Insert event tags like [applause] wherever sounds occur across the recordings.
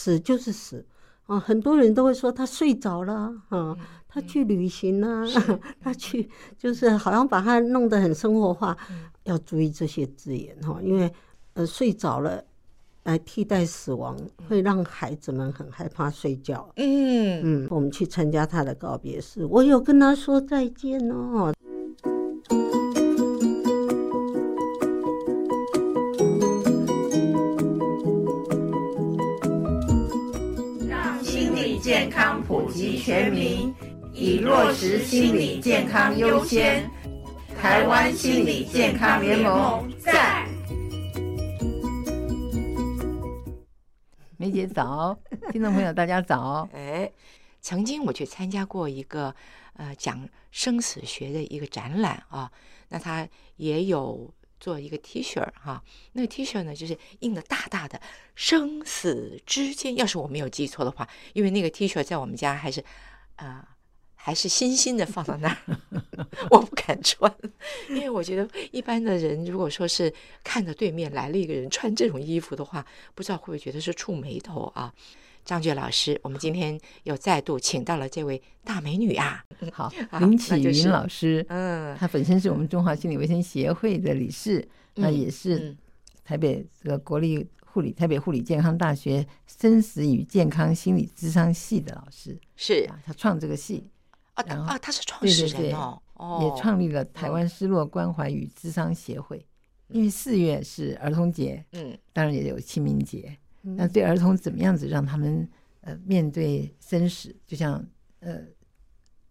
死就是死、哦，很多人都會說他睡着了、哦，他去旅行呢、啊，嗯嗯嗯、 [laughs] 他去就是好像把他弄得很生活化，嗯、要注意這些字眼哈、哦，因為呃睡着了來、哎、替代死亡會讓孩子們很害怕睡覺，嗯，嗯我們去參加他的告別式，我有跟他說再見哦。健康普及全民，以落實心理健康優先。臺灣心理健康聯盟在。梅姐早，聽眾朋友大家早。哎， [laughs] 曾經我去參加過一個，呃，講生死學的一個展覽啊，那他也有。做一個 T 恤哈、啊，那個 T 恤呢，就是印的大大的“生死之間”。要是我沒有記錯的話，因為那個 T 恤在我們家還是，啊、呃，還是新新的，放到那兒， [laughs] 我不敢穿，因為我覺得一般的人如果說是看着對面來了一個人穿這種衣服的話，不知道會不會覺得是觸霉頭啊。張珏老師，我們今天又再度請到了這位大美女啊！好，林綺雲老師，就是，嗯，她本身是我們中華心理衛生協會的理事，那，嗯，也是台北這個國立護理，嗯，台北護理健康大學生死與健康心理諮商系的老師，是她，啊，創這個系，嗯，啊，啊，然啊，她是創始人哦，對對對哦，也創立了台灣失落關懷與諮商協會。嗯，因為四月是兒童節，嗯，當然也有清明節。那對兒童怎麼樣子讓他們呃面對生死？就像呃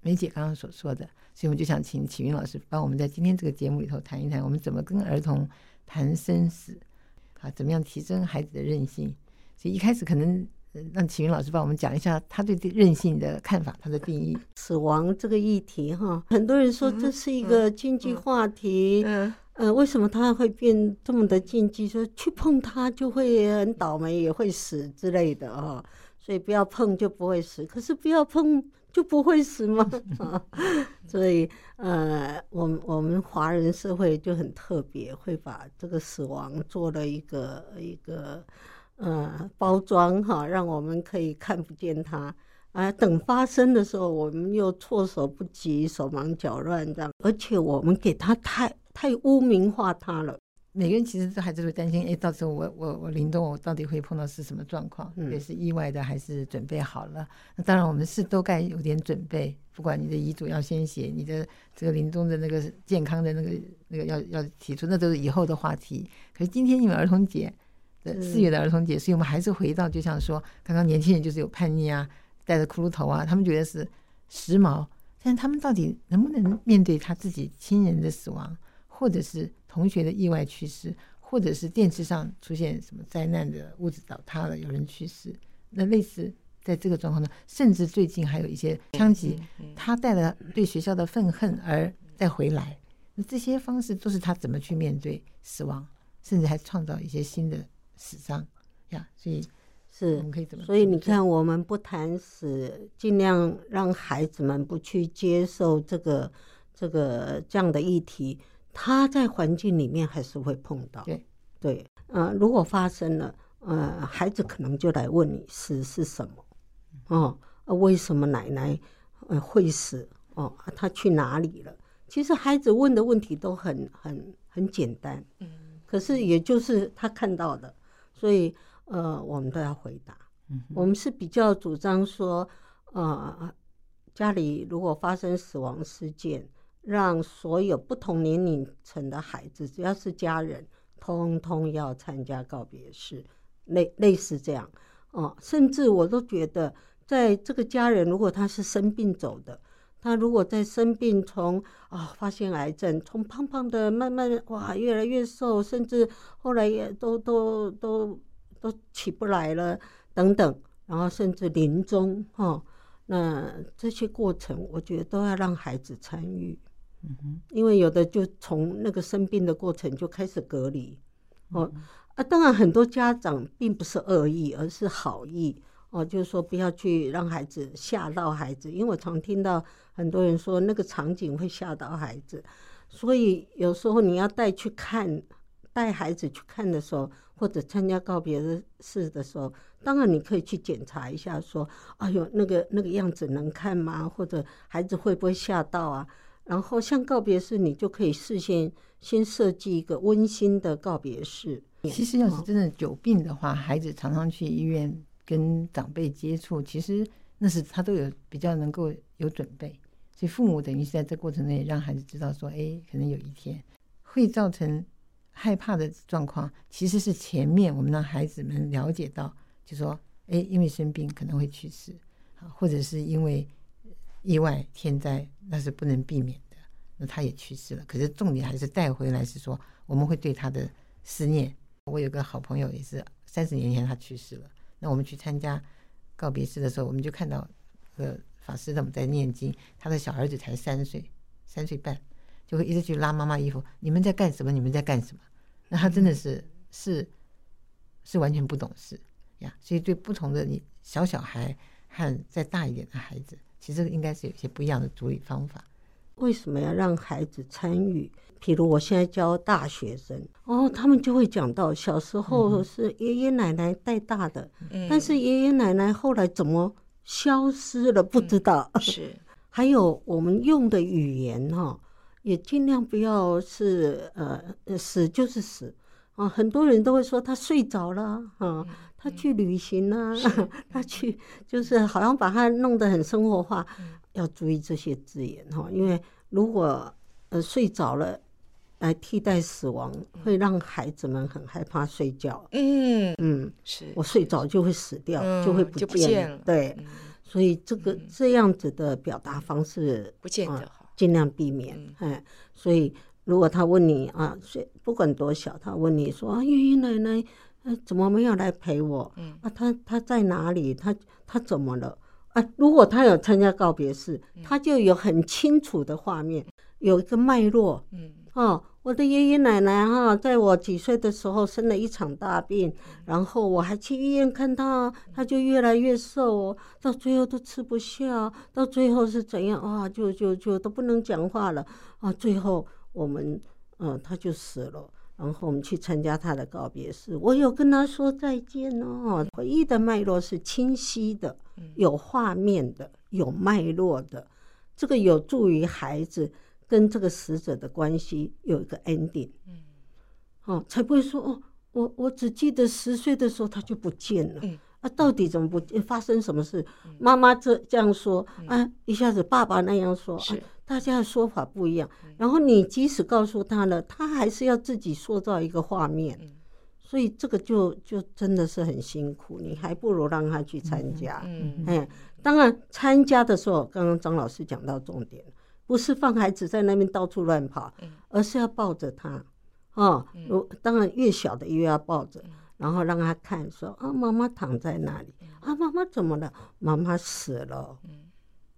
梅姐剛剛所說的，所以我們就想請綺雲老師幫我們在今天這個節目裡頭談一談，我們怎麼跟兒童談生死，啊，怎麼樣提升孩子的韌性？所以一開始可能讓綺雲老師幫我們講一下他對韌性的看法，他的定義。死亡這個議題哈，很多人說這是一個禁忌話題。嗯。嗯嗯嗯。呃，為什麼他會變這麼的禁忌？說去碰他就會很倒霉，也會死之類的哈、哦。所以不要碰就不會死，可是不要碰就不會死嗎？啊、所以呃，我們我們華人社會就很特別，會把這個死亡做了一個一個呃包裝哈、哦，讓我們可以看不見他。啊。等發生的時候，我們又措手不及，手忙腳亂這樣。而且我們給他太。太污名化他了。每個人其實都還是會擔心，哎、欸，到時候我我我臨終，我到底會碰到是什麼狀況？也、嗯、是意外的，還是準備好了？那當然，我們是都該有點準備。不管你的遺囑要先寫，你的這個臨終的那個健康的那個那個要要提出，那都是以後的話題。可是今天因為兒童節，四月的兒童節、嗯，所以我們還是回到，就像說，剛剛年輕人就是有叛逆啊，戴着骷髏頭啊，他們覺得是時髦，但是他們到底能不能面對他自己親人的死亡？或者是同學的意外去世，或者是電視上出現什麼災難的屋子倒塌了，有人去世。那類似在這個狀況呢，甚至最近還有一些槍擊，他帶着對學校的憤恨而再回來。那這些方式都是他怎麼去面對死亡，甚至還創造一些新的死傷呀。Yeah, 所以是，我們可以怎麼？所以你看，我們不談死，盡量讓孩子們不去接受這個這個這樣的議題。他在環境裡面還是會碰到，對。對，呃，如果發生了，呃，孩子可能就來問你死是什麼，哦，啊，為什麼奶奶，呃，會死？哦，他，啊，去哪裡了？其實孩子問的問題都很很很簡單，可是也就是他看到的，所以呃，我們都要回答，嗯，我們是比較主張說，呃，家裡如果發生死亡事件。讓所有不同年齡層的孩子，只要是家人，通通要參加告別式，類類似這樣。哦，甚至我都覺得，在這個家人如果他是生病走的，他如果在生病從，從、哦、啊發現癌症，從胖胖的慢慢哇越來越瘦，甚至後來也都都都都起不來了等等，然後甚至臨終、哦、那這些過程，我覺得都要讓孩子參與。嗯哼，因為有的就從那個生病的過程就開始隔離，哦、嗯、啊，當然很多家長並不是惡意，而是好意哦，就是說不要去讓孩子嚇到孩子，因為我常聽到很多人說那個場景會嚇到孩子，所以有時候你要帶去看，帶孩子去看的時候，或者參加告別式的時候，當然你可以去檢查一下說，說哎呦那個那個樣子能看嗎？或者孩子會不會嚇到啊？然後像告別式，你就可以事先先設計一個溫馨的告別式。其實，要是真的久病的話，孩子常常去醫院跟長輩接觸，其實那是他都有比較能夠有準備。所以，父母等於是在這過程中也讓孩子知道說，哎，可能有一天會造成害怕的狀況。其實是前面我們讓孩子們了解到，就說，哎，因為生病可能會去世，啊，或者是因為。意外天災那是不能避免的，那他也去世了。可是重點還是帶回來是說，我們會對他的思念。我有個好朋友也是三十年前他去世了。那我們去參加告別式的時候，我們就看到，呃，法師他們在念經。他的小兒子才三歲，三歲半就會一直去拉媽媽衣服：“你們在幹什麼？你們在幹什麼？”那他真的是是是完全不懂事呀。所以對不同的小小孩和再大一點的孩子。其實應該是有一些不一樣的處理方法。為什麼要讓孩子參與？比、嗯、如我現在教大學生、嗯，哦，他們就會講到小時候是爺爺奶奶帶大的，嗯、但是爺爺奶奶後來怎麼消失了，嗯、不知道、嗯。是。還有我們用的語言哈、哦，也盡量不要是呃死就是死啊，很多人都會說他睡着了、啊啊嗯他去旅行呢、啊嗯嗯，他去就是好像把他弄得很生活化。嗯、要注意這些字眼哈，因為如果呃睡着了來替代死亡、嗯，會讓孩子們很害怕睡覺。嗯嗯，是我睡着就會死掉、嗯，就會不見。不見對、嗯，所以這個這樣子的表達方式，儘、嗯不見得、量避免嗯嗯。嗯，所以如果他問你啊，睡不管多小，他問你說啊，爺、哎、爺奶奶。他怎麼沒有來陪我？嗯，啊，他他在哪裡？他他怎麼了？啊，如果他有參加告別式，他就有很清楚的畫面，有一個脈絡。嗯，哦，我的爺爺奶奶啊，在我幾歲的時候生了一場大病，然後我還去醫院看他，他就越來越瘦，到最後都吃不下，到最後是怎樣啊？就就就都不能講話了啊！最後我們嗯，他，啊，就死了。然後我們去參加他的告別式，我有跟他說再見哦。回憶的脈絡是清晰的，有畫面的，有脈絡的，這個有助於孩子跟這個死者的關係有一個 ending，嗯，哦，才不會說哦我，我只記得十歲的時候他就不見了，嗯啊，到底怎麼不見發生什麼事？媽媽這樣說，啊，一下子爸爸那樣說，是。大家的說法不一樣，然後你即使告訴他了，他還是要自己塑造一個畫面，嗯，所以這個就就真的是很辛苦。你還不如讓他去參加嗯嗯，嗯，當然參加的時候，剛剛張老師講到重點，不是放孩子在那邊到處亂跑，嗯，而是要抱着他，哦，嗯，當然越小的越要抱着，然後讓他看說，說啊，媽媽躺在那裡，啊，媽媽怎麼了？媽媽死了，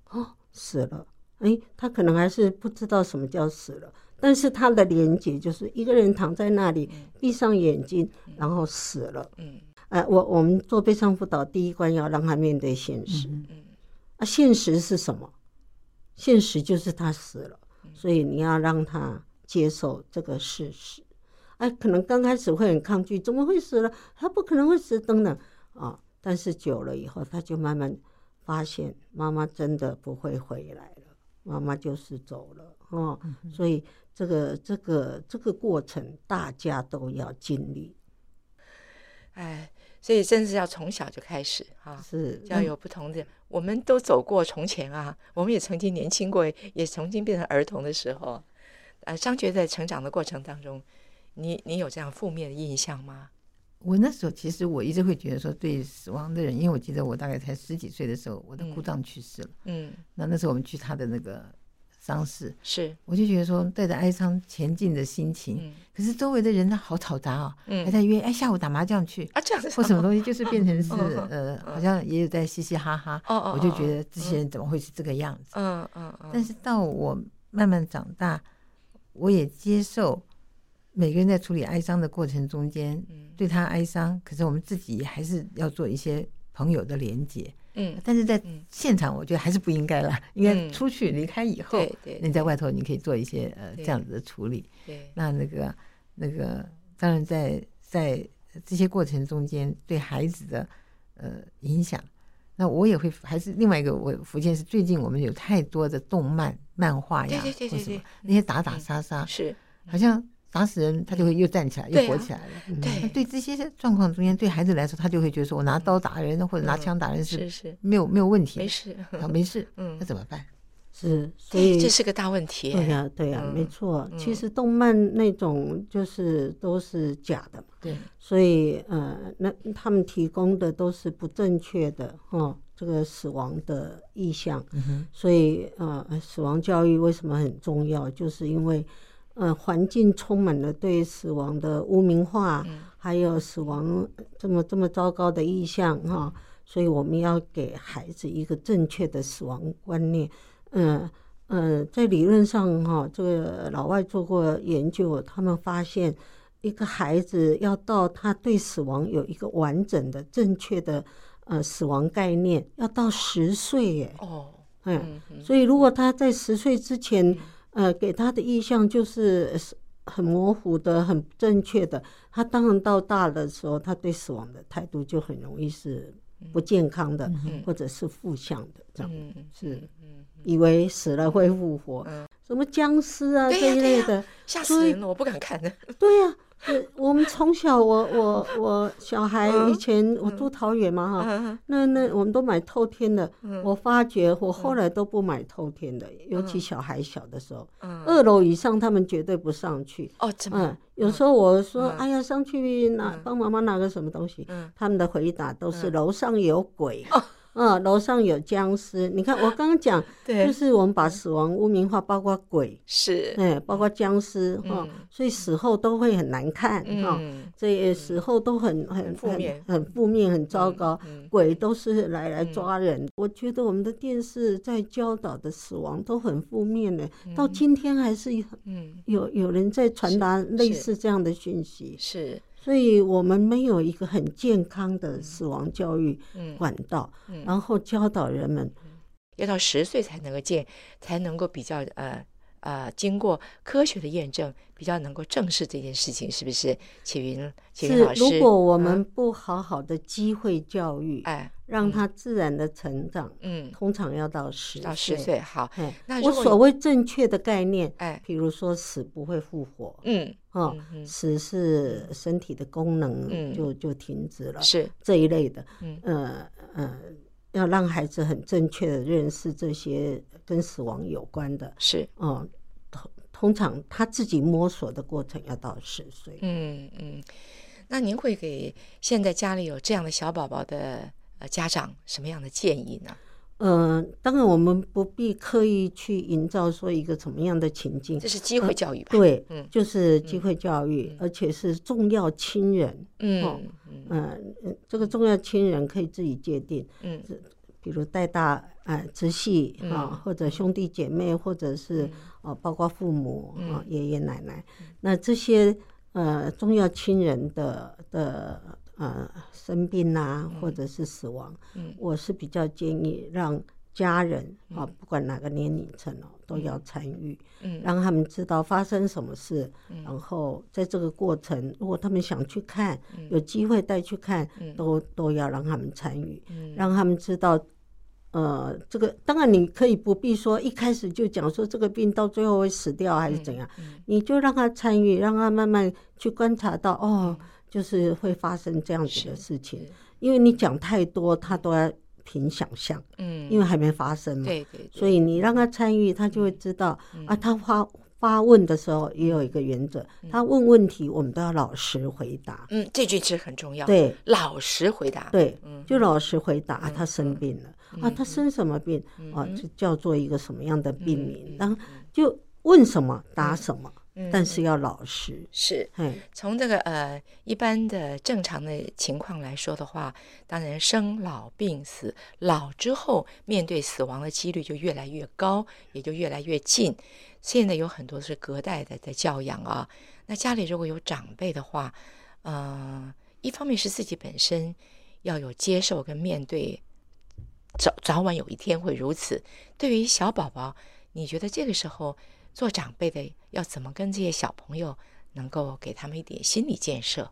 哦，死了。誒，他可能還是不知道什麼叫死了，但是他的連接就是一個人躺在那裡，嗯、閉上眼睛、嗯，然後死了。嗯，哎，我我們做悲傷輔導第一關要讓他面對現實。嗯，嗯啊，現實是什麼？現實就是他死了，所以你要讓他接受這個事實。哎，可能剛開始會很抗拒，怎麼會死了？他不可能會死等等啊、哦。但是久了以後，他就慢慢發現媽媽真的不會回來了。媽媽就是走了，哦，所以這個這個這個過程，大家都要經歷。哎，所以真是要從小就開始啊，是要有不同的，嗯。我們都走過從前啊，我們也曾經年輕過，也曾經變成兒童的時候。呃、啊，張珏在成長的過程當中，你你有這樣負面的印象嗎？我那時候其實我一直會覺得說，對死亡的人，因為我記得我大概才十幾歲的時候，我的姑丈去世了，嗯。嗯，那那時候我們去他的那個喪事，是，我就覺得說，帶着哀傷前進的心情，嗯、可是周圍的人呢，好吵雜啊、哦，嗯，還在約，哎下午打麻將去啊，這樣子，或什麼東西，就是變成是 [laughs] 呃，好像也有在嘻嘻哈哈哦哦哦。我就覺得這些人怎麼會是這個樣子？嗯嗯嗯。但是到我慢慢長大，我也接受。每個人在處理哀傷的過程中間，對他哀傷、嗯，可是我們自己還是要做一些朋友的連結。嗯，但是在現場，我覺得還是不應該了，應、嗯、該出去離開以後，嗯、對，對對，你在外頭你可以做一些對對對呃這樣子的處理。對，對，對，那那個那個，當然在在這些過程中間對孩子的、呃、影響，那我也會還是另外一個，我浮現是最近我們有太多的動漫漫畫呀或什麼，對對對，對，對那些打打殺殺是好像。打死人，他就會又站起來，嗯、又活起來了。對、啊，嗯、對，對這些狀況中間，對孩子來說，他就會覺得說，我拿刀打人、嗯、或者拿槍打人是沒有、嗯、沒有問題，是是沒事，沒事。嗯，那怎麼辦？是，所以這是個大問題、欸。對呀、啊，對呀、啊啊嗯，沒錯、嗯。其實動漫那種就是都是假的，對。所以嗯、呃，那他們提供的都是不正確的哦，這個死亡的意象。嗯所以嗯、呃，死亡教育為什麼很重要？就是因為。呃、嗯，環境充滿了對死亡的污名化，嗯、還有死亡這麼這麼糟糕的意象哈、嗯啊，所以我們要給孩子一個正確的死亡觀念。嗯嗯、呃，在理論上哈、啊，這個老外做過研究，他們發現一個孩子要到他對死亡有一個完整的正確的呃死亡概念，要到十歲耶。哦嗯嗯，嗯，所以如果他在十歲之前。嗯呃，給他的印象就是很模糊的、很不正確的。他當然到大的時候，他對死亡的態度就很容易是不健康的，嗯、或者是負向的，嗯、這樣、嗯、是、嗯，以為死了會復活、嗯嗯，什麼僵屍啊、嗯、這一類的，嚇、啊啊、死人了，我不敢看的。對呀、啊。 [laughs] 我們從小我，我我我小孩以前我住桃園嘛哈、嗯嗯，那那我們都買透天的、嗯。我發覺我後來都不買透天的，嗯、尤其小孩小的時候，嗯、二樓以上他們絕對不上去。哦，怎麼、嗯？有時候我說：“嗯、哎呀，上去拿幫媽媽拿個什麼東西。嗯”他們的回答都是：“樓、嗯、上有鬼。哦”嗯，樓上有殭屍。你看我剛剛講，我剛剛講，就是我們把死亡污名化，包括鬼，是，哎，包括殭屍哈、嗯，所以死後都會很難看哈，這、嗯、死後都很很負面，很負面，很糟糕、嗯嗯。鬼都是來來抓人的、嗯。我覺得我們的電視在教導的死亡都很負面的、嗯，到今天還是有、嗯、有有人在傳達類似這樣的訊息。是。是是所以我們沒有一個很健康的死亡教育管道。嗯嗯、然後教導人們要到十歲才能夠見，才能夠比較呃呃經過科學的驗證，比較能夠正視這件事情，是不是？綺雲，綺雲老師，如果我們不好好的機會教育，哎、嗯，讓他自然的成長，嗯，通常要到十歲到十歲，好，嗯、那我所謂正確的概念，哎，比如說死不會復活，嗯。哦，死是身體的功能就、嗯、就停止了，是這一類的，嗯、呃呃，要讓孩子很正確的認識這些跟死亡有關的，是哦，通通常他自己摸索的過程要到十歲，嗯嗯，那您會給現在家裡有這樣的小寶寶的家長什麼樣的建議呢？嗯、呃，當然我們不必刻意去營造說一個怎麼樣的情境，這是機會教育吧？呃、對，就是機會教育、嗯，而且是重要親人，嗯嗯、哦呃，這個重要親人可以自己界定，嗯，比如帶大啊、呃，直系啊、呃嗯，或者兄弟姐妹，或者是哦、嗯，包括父母啊，嗯、爺爺奶奶、嗯，那這些呃重要親人的的。呃，生病啊，或者是死亡，嗯、我是比較建議讓家人、嗯、啊，不管哪個年齡層哦，都要參與、嗯，讓他們知道發生什麼事、嗯。然後在這個過程，如果他們想去看，嗯、有機會帶去看，嗯、都都要讓他們參與、嗯，讓他們知道，呃，這個當然你可以不必說一開始就講說這個病到最後會死掉還是怎樣，嗯嗯、你就讓他參與，讓他慢慢去觀察到哦。嗯就是會發生這樣子的事情，因為你講太多，他都要憑想象。嗯，因為還沒發生嘛。對對。所以你讓他參與，他就會知道。啊，他發發問的時候也有一個原則，他問問題，我們都要老實回答。嗯，這句其實很重要。對，老實回答。對，就老實回答。他生病了啊，他生什麼病啊？就叫做一個什麼樣的病名？然後就問什麼答什麼。但是要老實、嗯、是、嗯，從這個呃一般的正常的情況來說的話，當然生老病死，老之後面對死亡的幾率就越來越高，也就越來越近。現在有很多是隔代的在教養啊，那家裡如果有長輩的話，嗯、呃，一方面是自己本身要有接受跟面對，早早晚有一天會如此。對於小寶寶，你覺得這個時候？做長輩的要怎麼跟這些小朋友能夠給他們一點心理建設？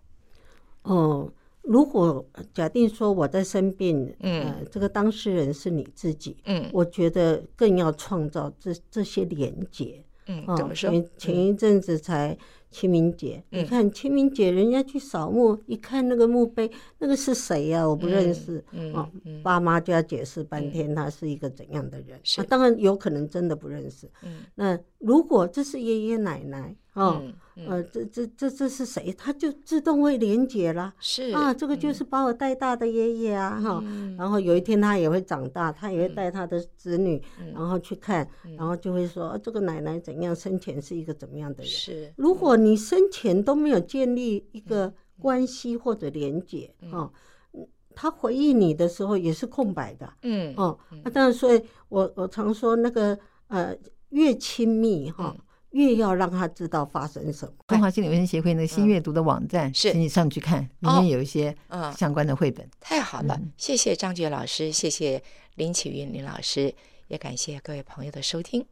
哦、呃，如果假定說我在生病，嗯、呃，這個當事人是你自己，嗯，我覺得更要創造這這些連接、呃，嗯，怎麼說？前，前一陣子才、嗯。清明節，你、嗯、看清明節，人家去掃墓，一看那個墓碑，那個是誰呀、啊？我不認識。嗯、哦，嗯嗯、爸媽就要解釋半天，他是一個怎樣的人、啊。當然有可能真的不認識。嗯、那如果這是爺爺奶奶，哦，嗯嗯呃、這這這這是誰？他就自動會連接了。是啊，這個就是把我帶大的爺爺啊，哈、哦嗯。然後有一天他也會長大，他也會帶他的子女，嗯、然後去看，然後就會說，嗯啊、這個奶奶怎樣生前是一個怎麼樣的人。是如果。你生前都沒有建立一個關係或者連結，哈、嗯嗯哦，他回憶你的時候也是空白的，嗯，哦，那當然，啊、但是所以我我常說那個呃，越親密哈、哦嗯，越要讓他知道發生什麼。中華心理衛生協會那個新閱讀的網站，嗯、請你上去看，裡、嗯、面有一些相關的繪本。哦嗯、太好了，嗯、謝謝張珏老師，謝謝林綺雲林老師，也感謝各位朋友的收聽。